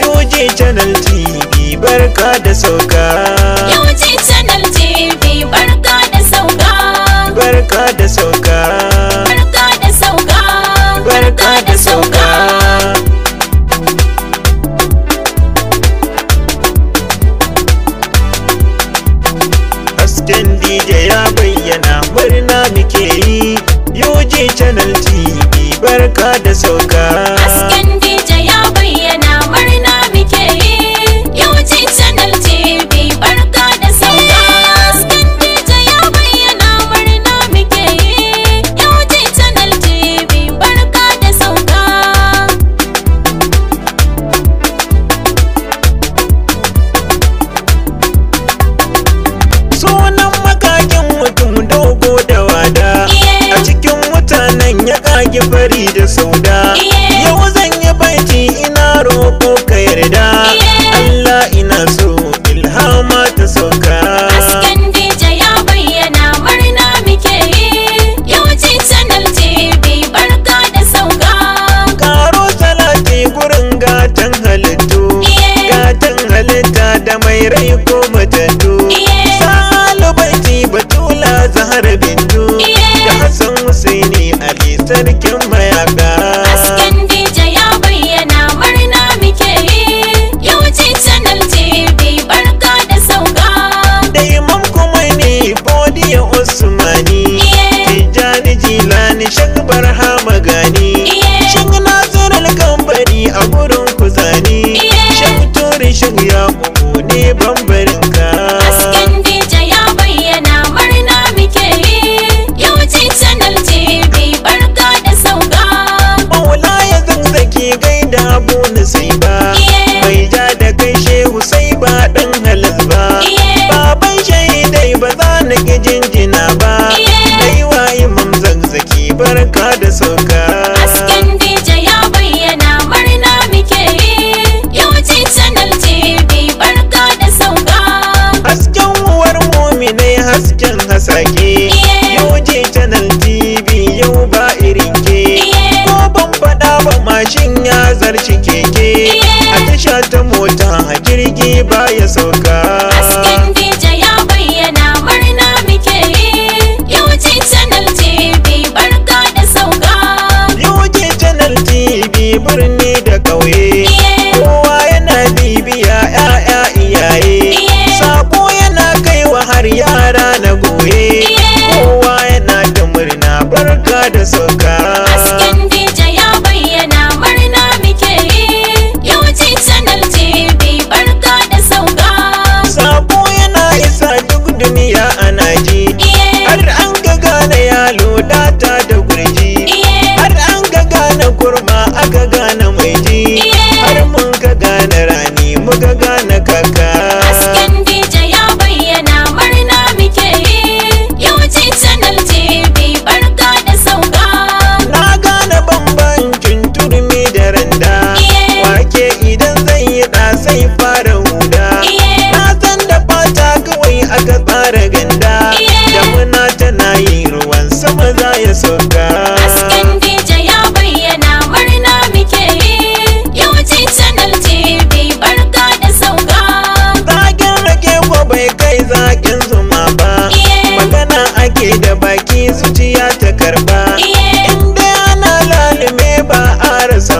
UG Channel TV barka da sauka. UG Channel TV barka da sauka. Barka da sauka. Barka da sauka. Barka da sauka. Hasken DJ ya bayyana murna muke yi. UG Channel TV barka da sauka. saniya uku ne bambarin ka hasken dj ya bayyana murna muke yi yauci channel tv barka da sauka maula ya zanzake gaida bonus ba goge channel tv yau ba irin ke ko ban faɗa ba mashin ya zarci keke a tasha ta mota jirgi ba ya sauka letters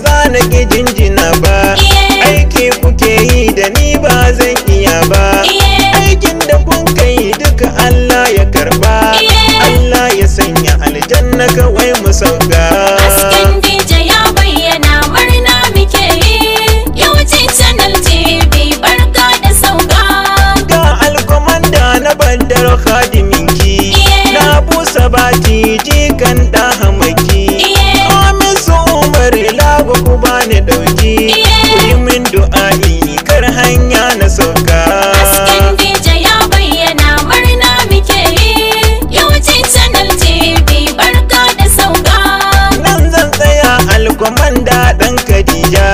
ba za na ƙi jinjina ba aiki kuke yi da ni ba zan iya ba aikin da kun kai duka Allah ya karba Allah ya sanya aljanna kawai mu sauka bani dauki ku yi min du'a'i kar hanya na sauka hasken dija ya bayyana murna muke yi yawanci channel tv barka da sauka nan zan tsaya alkomanda ɗan khadija.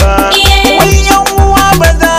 ba. Wai yan uwa ba za